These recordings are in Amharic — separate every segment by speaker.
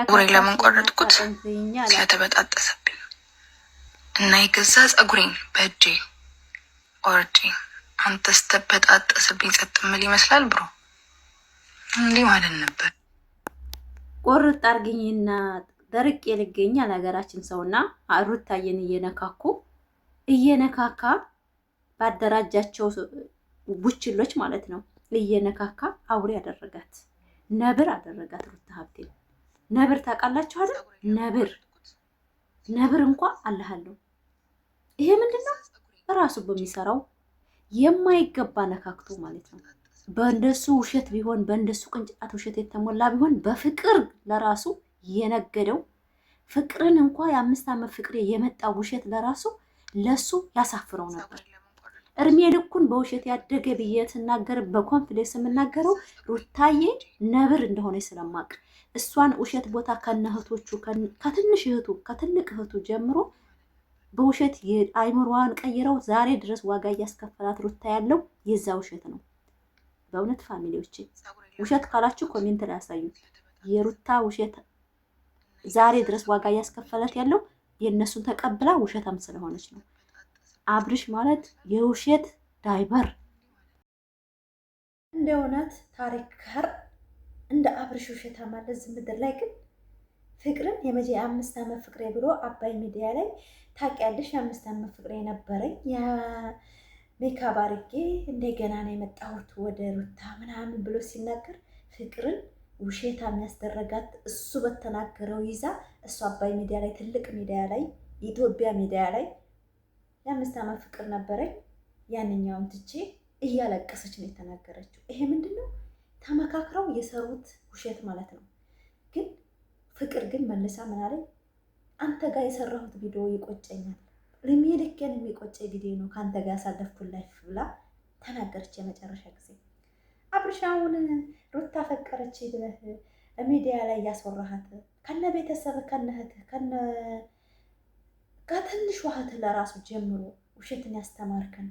Speaker 1: ጸጉሬን ለምን ቆረጥኩት? ስለተበጣጠሰብኝ እና የገዛ ጸጉሬን በእጄ ቆርጬ አንተ ስተበጣጠሰብኝ ጸጥ ምል ይመስላል ብሮ እንዲህ ማለት ነበር።
Speaker 2: ቁርጥ አርግኝና ደርቅ የልገኝ አለ ሀገራችን ሰውና ሩታዬን እየነካኩ እየነካካ ባደራጃቸው ቡችሎች ማለት ነው እየነካካ አውሬ አደረጋት፣ ነብር አደረጋት ሩታ ሀብቴ ነብር ታውቃላችሁ አይደል? ነብር ነብር እንኳ አለሃለሁ። ይሄ ምንድን ነው? በሚሰራው የማይገባ ነካክቶ ማለት ነው። በእንደሱ ውሸት ቢሆን በእንደሱ ቅንጭላት ውሸት የተሞላ ቢሆን በፍቅር ለራሱ የነገደው ፍቅርን እንኳ የአምስት ዓመት ፍቅር የመጣው ውሸት ለራሱ ለሱ ያሳፍረው ነበር። እድሜ ልኩን በውሸት ያደገ ብዬ ስናገር በኮንፊደንስ የምናገረው ሩታዬ ነብር እንደሆነ ስለማቅ እሷን ውሸት ቦታ ከነ እህቶቹ ከትንሽ እህቱ ከትልቅ እህቱ ጀምሮ በውሸት አይምሯዋን ቀይረው ዛሬ ድረስ ዋጋ እያስከፈላት ሩታ ያለው የዛ ውሸት ነው። በእውነት ፋሚሊዎች ውሸት ካላችሁ ኮሜንት ላይ ያሳዩ። የሩታ ውሸት ዛሬ ድረስ ዋጋ እያስከፈላት ያለው የእነሱን ተቀብላ ውሸታም ስለሆነች ነው። አብርሽ ማለት የውሸት ዳይበር እንደ እውነት ታሪክ ጋር እንደ አብርሽ ውሸት ማለት ዝምድር ላይ ግን ፍቅርን የመጀ የአምስት ዓመት ፍቅሬ ብሎ አባይ ሚዲያ ላይ ታውቂያለሽ፣ የአምስት ዓመት ፍቅሬ ነበረኝ ሜካፕ አድርጌ እንደገና ነው የመጣሁት ወደ ሩታ ምናምን ብሎ ሲናገር ፍቅርን ውሸታ የሚያስደረጋት እሱ በተናገረው ይዛ እሱ አባይ ሚዲያ ላይ ትልቅ ሚዲያ ላይ የኢትዮጵያ ሚዲያ ላይ የአምስት ዓመት ፍቅር ነበረኝ ያንኛውን ትቼ እያለቀሰች ነው የተናገረችው። ይሄ ምንድን ነው? ተመካክረው የሰሩት ውሸት ማለት ነው። ግን ፍቅር ግን መልሳ ምን አለኝ? አንተ ጋር የሰራሁት ቪዲዮ ይቆጨኛል፣ ለሚሄደከን የሚቆጨ ቪዲዮ ነው ከአንተ ጋር ያሳለፍኩት ላይፍ ብላ ተናገረች። የመጨረሻ ጊዜ አብርሻውን ሩታ ፈቀረች ብለህ ሚዲያ ላይ እያስወራሃት ከነ ቤተሰብ ከነ እህትህ ከነ ከትንሽ ውሃት ለራሱ ጀምሮ ውሸትን ያስተማርከን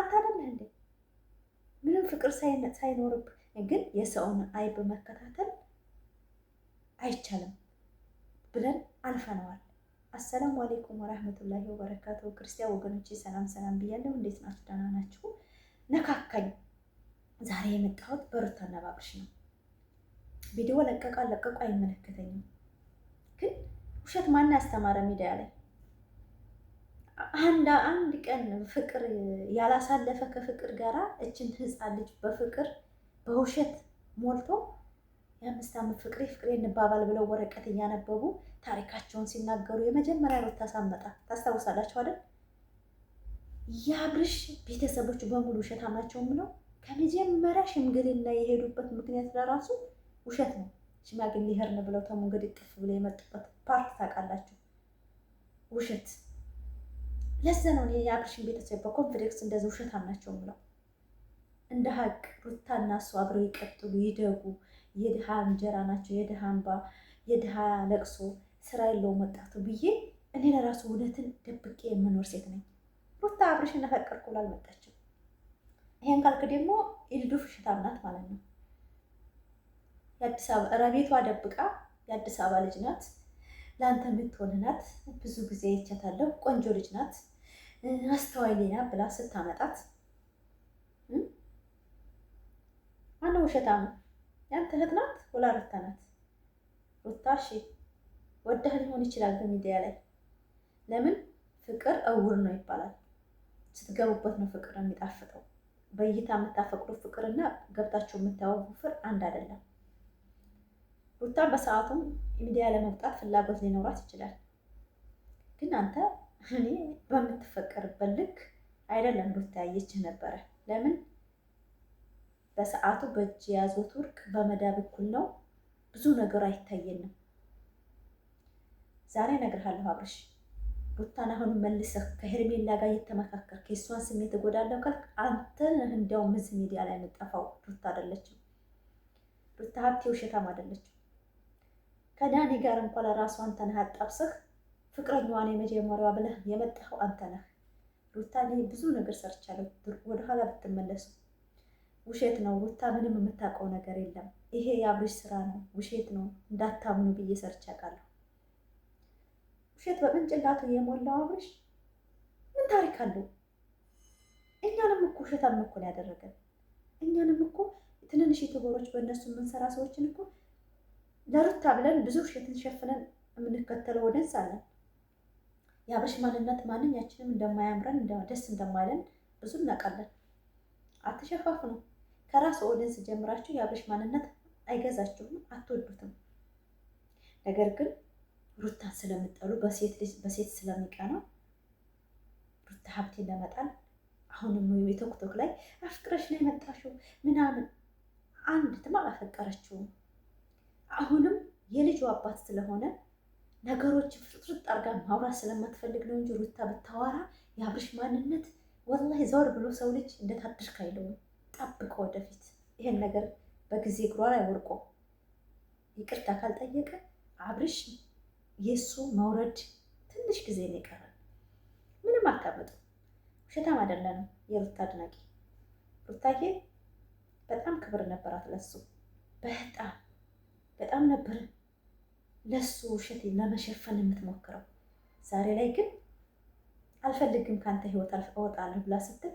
Speaker 2: አንተ እንዴ? ምንም ፍቅር ሳይኖርብ ግን የሰውን አይብ መከታተል አይቻልም ብለን አልፈነዋል። አሰላሙ አሌይኩም ወራህመቱላሂ ወበረካቱ። ክርስቲያን ወገኖች ሰላም ሰላም ብያለሁ። እንዴት ናችሁ? ደህና ናችሁ? ነካካኝ። ዛሬ የመጣሁት በሩት አነባብሽ ነው። ቪዲዮ ለቀቃ ለቀቁ አይመለከተኝም፣ ግን ውሸት ማን ያስተማረ ሚዲያ ላይ አንድ አንድ ቀን ፍቅር ያላሳለፈ ከፍቅር ጋራ እችን ህፃን ልጅ በፍቅር በውሸት ሞልቶ የአምስት ዓመት ፍቅሬ ፍቅሬ እንባባል ብለው ወረቀት እያነበቡ ታሪካቸውን ሲናገሩ የመጀመሪያ ሮት ታሳመጣ ታስታውሳላችሁ አይደል? የአብርሽ ቤተሰቦች በሙሉ ውሸታም ናቸውም ነው። ከመጀመሪያ ሽምግልና የሄዱበት ምክንያት ለራሱ ውሸት ነው። ሽማግሌ ሄርን ብለው ተሙ እንግዲህ ጥፍ የመጡበት ፓርት ታውቃላችሁ፣ ውሸት ለዛ ነው እኔ የአብርሽን ቤተሰብ በኮንፊደንስ እንደዚህ ውሸታም ናቸው ብለው እንደ ሀቅ ሩታ እና እሱ አብረው ይቀጥሉ ይደጉ። የድሃ እንጀራ ናቸው፣ የድሃ እንባ፣ የድሃ ለቅሶ፣ ስራ የለውም ወጣቱ ብዬ እኔ ለራሱ እውነትን ደብቄ የምኖር ሴት ነኝ። ሩታ አብርሽን እናፈቀርኩ ብላ አልመጣችም። ይሄን ካልክ ደግሞ የልዱ ውሸታም ናት ማለት ነው። የአዲስ አበባ ረቤቷ ደብቃ የአዲስ አበባ ልጅ ናት። ለአንተ የምትሆን ናት። ብዙ ጊዜ ይቻታለሁ። ቆንጆ ልጅ ናት። አስተዋይ ሌና ብላ ስታመጣት ማነው ነው? ያንተ እህት ናት ወላ ሩታ ናት? ሩታ እሺ ወዳህ ሊሆን ይችላል በሚዲያ ላይ ለምን ፍቅር እውር ነው ይባላል። ስትገቡበት ነው ፍቅር የሚጣፍጠው። በእይታ የምታፈቅሩ ፍቅርና ገብታችሁ የምታወቁ ፍቅር አንድ አይደለም። ሩታ በሰዓቱም ሚዲያ ለመውጣት ፍላጎት ሊኖራት ይችላል፣ ግን አንተ እኔ በምትፈቀርበት ልክ አይደለም ሩታ ነበረ። ለምን በሰዓቱ በእጅ የያዙት ወርቅ በመዳብ እኩል ነው። ብዙ ነገር አይታየንም። ዛሬ እነግርሃለሁ አብርሽ፣ ቡታን አሁን መልሰህ ከሄርሜላ ጋር እየተመካከርክ የእሷን ስሜት እጎዳለሁ ካልክ አንተ እንዲያውም እዚህ ሚዲያ ላይ የምጠፋው። ሩታ አይደለችም። ሩታ ሀብቴ ውሸታም አይደለችም። ከዳኒ ጋር እንኳን ለራሱ አንተን አጣብሰህ ፍቅረኛዋን የመጀመሪያ ብለህ የመጣኸው አንተ ነህ። ሩታ ላይ ብዙ ነገር ሰርቻለሁ። ወደኋላ ብትመለሱ ውሸት ነው። ሩታ ምንም የምታውቀው ነገር የለም። ይሄ የአብሪሽ ስራ ነው፣ ውሸት ነው እንዳታምኑ ብዬ ሰርቻ አውቃለሁ። ውሸት በቅንጭላቱ የሞላው አብሪሽ ምን ታሪክ አለው? እኛንም እኮ ውሸታም እኮ ነው ያደረገን። እኛንም እኮ ትንንሽ የተጎሮች በእነሱ የምንሰራ ሰዎችን እኮ ለሩታ ብለን ብዙ ውሸትን ሸፍነን የምንከተለው ወደንስ አለን። የአበሽ ማንነት ማንኛችንም እንደማያምረን ደስ እንደማይለን ብዙ እናውቃለን። አትሸፋፍኑ። ከራስ ኦዲንስ ጀምራችሁ የአበሽ ማንነት አይገዛችሁም፣ አትወዱትም። ነገር ግን ሩታን ስለምጠሉ በሴት ስለሚቀና ሩታ ሀብቴን ለመጣል አሁንም የቶክቶክ ላይ አፍቅረሽ ነው የመጣሽው ምናምን አንድ ትም አላፈቀረችውም። አሁንም የልጁ አባት ስለሆነ ነገሮችን ፍጥርጥ አርጋ ማውራት ስለማትፈልግ ነው እንጂ ሩታ ብታወራ የአብርሽ ማንነት ወላሂ ዘወር ብሎ ሰው ልጅ እንደታድርክ አይለውም። ጠብቀ ወደፊት ይሄን ነገር በጊዜ እግሯ ላይ ወርቆ ይቅርታ ካልጠየቀ አብርሽ የእሱ መውረድ ትንሽ ጊዜ ነው ይቀራል። ምንም አታመጡ። ውሸታም አይደለም። የሩታ አድናቂ ሩታዬ በጣም ክብር ነበራት ለሱ በጣም በጣም ነበር ለሱ ውሸት ለመሸፈን የምትሞክረው ዛሬ ላይ ግን አልፈልግም ከአንተ ህይወት እወጣለሁ ብላ ስትል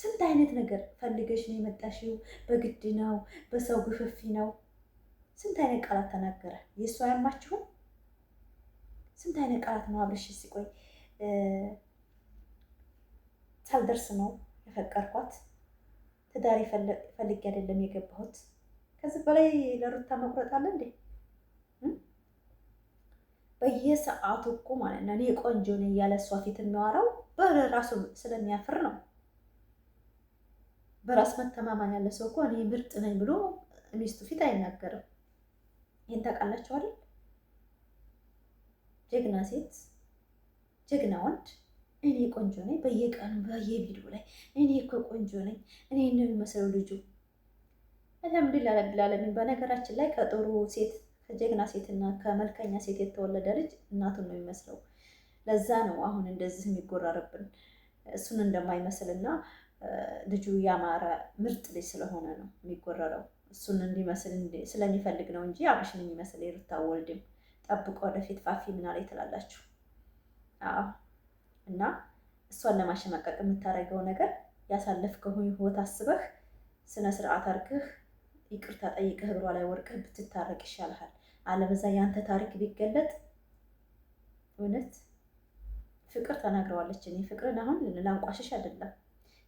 Speaker 2: ስንት አይነት ነገር ፈልገሽ ነው የመጣሽው፣ በግድ ነው፣ በሰው ግፍፊ ነው። ስንት አይነት ቃላት ተናገረ። የእሱ አያማችሁም? ስንት አይነት ቃላት ነው አብረሽ ሲቆይ ሳልደርስ ነው የፈቀርኳት፣ ትዳር ፈልጌ አይደለም የገባሁት። ከዚህ በላይ ለሩታ መቁረጥ አለ እንዴ? በየሰዓቱ እኮ ማለት ነው እኔ ቆንጆ ነኝ እያለ እሷ ፊት የሚያወራው በራሱ ስለሚያፍር ነው። በራስ መተማመን ያለ ሰው እኮ እኔ ምርጥ ነኝ ብሎ ሚስቱ ፊት አይናገርም። ይህን ታውቃላችሁ አይደል? ጀግና ሴት ጀግና ወንድ እኔ ቆንጆ ነኝ፣ በየቀኑ በየቪዲዮ ላይ እኔ እኮ ቆንጆ ነኝ፣ እኔ ነው የሚመስለው ልጁ። አልሐምዱሊላህ ረቢል ዓለሚን። በነገራችን ላይ ከጥሩ ሴት ከጀግና ሴትና ከመልከኛ ሴት የተወለደ ልጅ እናቱን ነው የሚመስለው። ለዛ ነው አሁን እንደዚህ የሚጎራረብን እሱን እንደማይመስል እና ልጁ ያማረ ምርጥ ልጅ ስለሆነ ነው የሚጎረረው። እሱን እንዲመስል ስለሚፈልግ ነው እንጂ አብርሽን የሚመስል የሩታ ወልድም ጠብቆ ወደፊት ፋፊ ምናል ትላላችሁ። እና እሷን ለማሸማቀቅ የምታደርገው ነገር ያሳለፍከውን ህይወት አስበህ ስነ ስርዓት ይቅርታ ጠይቀህ እግሯ ላይ ወርቀህ ብትታረቅ ይሻልሃል። አለበዛ የአንተ ታሪክ ቢገለጥ እውነት ፍቅር ተናግረዋለች። እኔ ፍቅርን አሁን ላንቋሸሽ አይደለም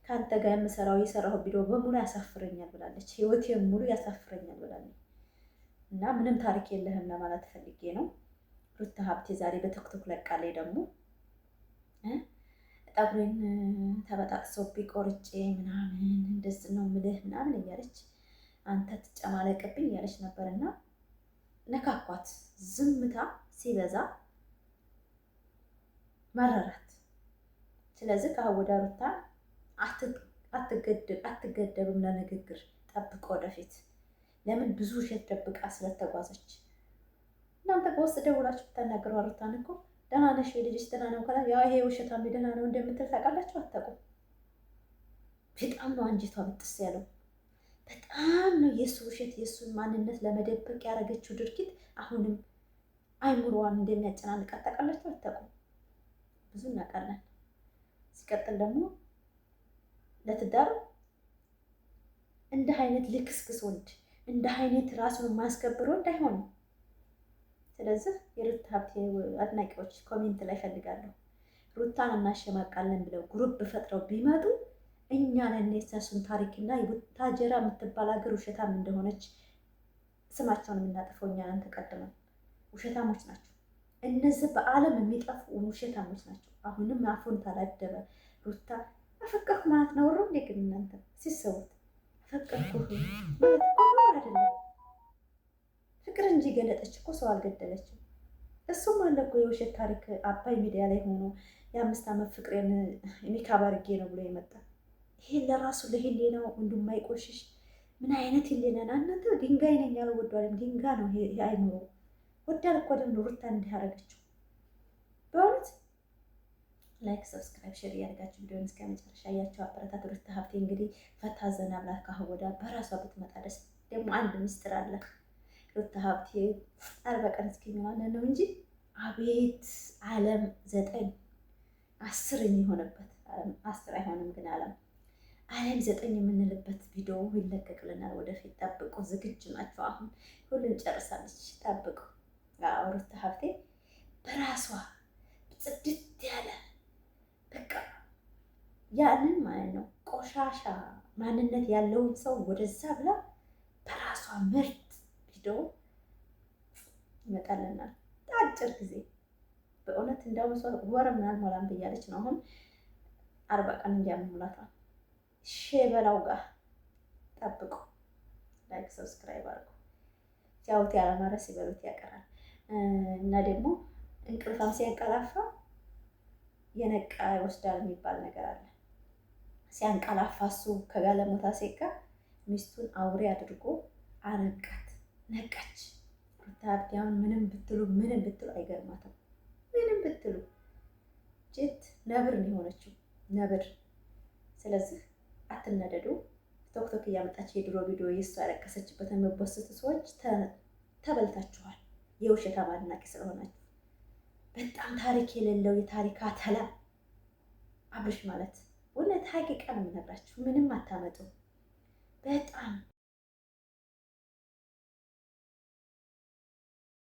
Speaker 2: ከአንተ ጋር የምሰራው የሰራው ቪዲዮ በሙሉ ያሳፍረኛል ብላለች። ህይወቴ ሙሉ ያሳፍረኛል ብላለች። እና ምንም ታሪክ የለህም ለማለት ፈልጌ ነው። ሩታ ሀብቴ ዛሬ በቲክቶክ ለቃለች። ደግሞ ጠጉሬን ተበጣጥሶብኝ ቆርጬ ምናምን እንደዚህ ነው ምልህ ምናምን እያለች አንተ ትጨማለቅብኝ እያለች ነበር እና ነካኳት። ዝምታ ሲበዛ መረራት። ስለዚህ ከአወዳ ሩታ አትገደብም ለንግግር ጠብቅ ወደፊት። ለምን ብዙ ውሸት ደብቃ ስለተጓዘች። እናንተ በውስጥ ደውላችሁ ብታናገሩ አሩታን እኮ ደህና ነሽ የልጅሽ ደህና ነው ከላ ያው ይሄ ውሸታም ደህና ነው እንደምትል ታውቃላችሁ። አታውቁም። በጣም ነው አንጀቷ ብጥስ ያለው። በጣም ነው የእሱ ውሸት የእሱን ማንነት ለመደበቅ ያደረገችው ድርጊት አሁንም አይምሮዋን እንደሚያጨናንቃት ታውቃላችሁ። አታውቁም? ብዙ እናውቃለን። ሲቀጥል ደግሞ ለትዳር እንደ አይነት ልክስክስ ወንድ እንደ አይነት ራሱን የማያስከብር ወንድ አይሆንም። ስለዚህ የሩታ ሀብቴ አድናቂዎች ኮሜንት ላይ ፈልጋለሁ ሩታን እናሸማቃለን ብለው ግሩፕ ፈጥረው ቢመጡ እኛ ነን የእሳሱን ታሪክና የቡታጀራ የምትባል ሀገር ውሸታም እንደሆነች ስማቸውን የምናጠፈው እኛ ነን። ተቀድመን ውሸታሞች ናቸው። እነዚህ በዓለም የሚጠፉ ውሸታሞች ናቸው። አሁንም አፉን ታላደበ ሩታ አፈቀርኩ ማለት ነው። ሩ እንዴ ግን እናንተ ሲሰቡት አፈቀርኩ አይደለም። ፍቅር እንጂ ገለጠች እኮ ሰው አልገደለችም። እሱም አለ እኮ የውሸት ታሪክ አባይ ሚዲያ ላይ ሆኖ የአምስት ዓመት ፍቅሬን ኒካብ አድርጌ ነው ብሎ የመጣ ይሄ ለራሱ ለህሊናው እንደማይቆሽሽ ምን አይነት ህሊና ነው እናንተ? ድንጋይ ነኝ ያለው ወዶ ድንጋይ ነው ይሄ አይምሮ ወዳል እኮ ደግሞ ሩታ እንዲያረገችው በእውነት ላይክ ሰብስክራይብ ሼር እያደረጋችሁ ቪዲዮን እስከ መጨረሻ እያቸው አበረታት። ሩታ ሀብቴ እንግዲህ ፈታ ዘና ብላ ወዳ በራሷ ብትመጣ ደስ ደግሞ አንድ ምስጢር አለ። ሩታ ሀብቴ አርባ ቀን እስኪሆናለ ነው እንጂ አቤት አለም ዘጠኝ አስር የሚሆንበት አስር አይሆንም ግን አለም አለም ዘጠኝ የምንልበት ቪዲዮ ይለቀቅልናል ወደፊት ጠብቁ። ዝግጁ ናቸው። አሁን ሁሉን ጨርሳለች። ጠብቁ። ሩት ሀብቴ በራሷ ጽድት ያለ በቃ ያንን ማለት ነው ቆሻሻ ማንነት ያለውን ሰው ወደዛ ብላ በራሷ ምርት ቪዲዮ ይመጣልናል። አጭር ጊዜ በእውነት እንዳውም ወር ምናምን ሞላን ብያለች ነው አሁን አርባ ቀን እንዲያመሙላት ሸበላው ጋር ጠብቁ። ላይክ ሰብስክራይብ አድርጉ። ሲያውት ያለማረ ሲበሉት ያቀራል እና ደግሞ እንቅልፋም ሲያንቀላፋ የነቃ ይወስዳል የሚባል ነገር አለ። ሲያንቀላፋ እሱ ከጋለሞታ ሴት ጋር ሚስቱን አውሬ አድርጎ አነቃት። ነቃች። ታዲያውን ምንም ብትሉ ምንም ብትሉ አይገርማትም። ምንም ብትሉ ጅት ነብር ነው የሆነችው ነብር። ስለዚህ አትነደዱ። ቶክቶክ እያመጣች የድሮ ቪዲዮ የእሷ ያለቀሰችበት ሰዎች ተበልታችኋል። የውሸት አድናቂ ስለሆናችሁ በጣም ታሪክ የሌለው የታሪክ አተላ አብርሽ ማለት እውነት ሀቂቃ ነው የምነግራችሁ። ምንም አታመጡ በጣም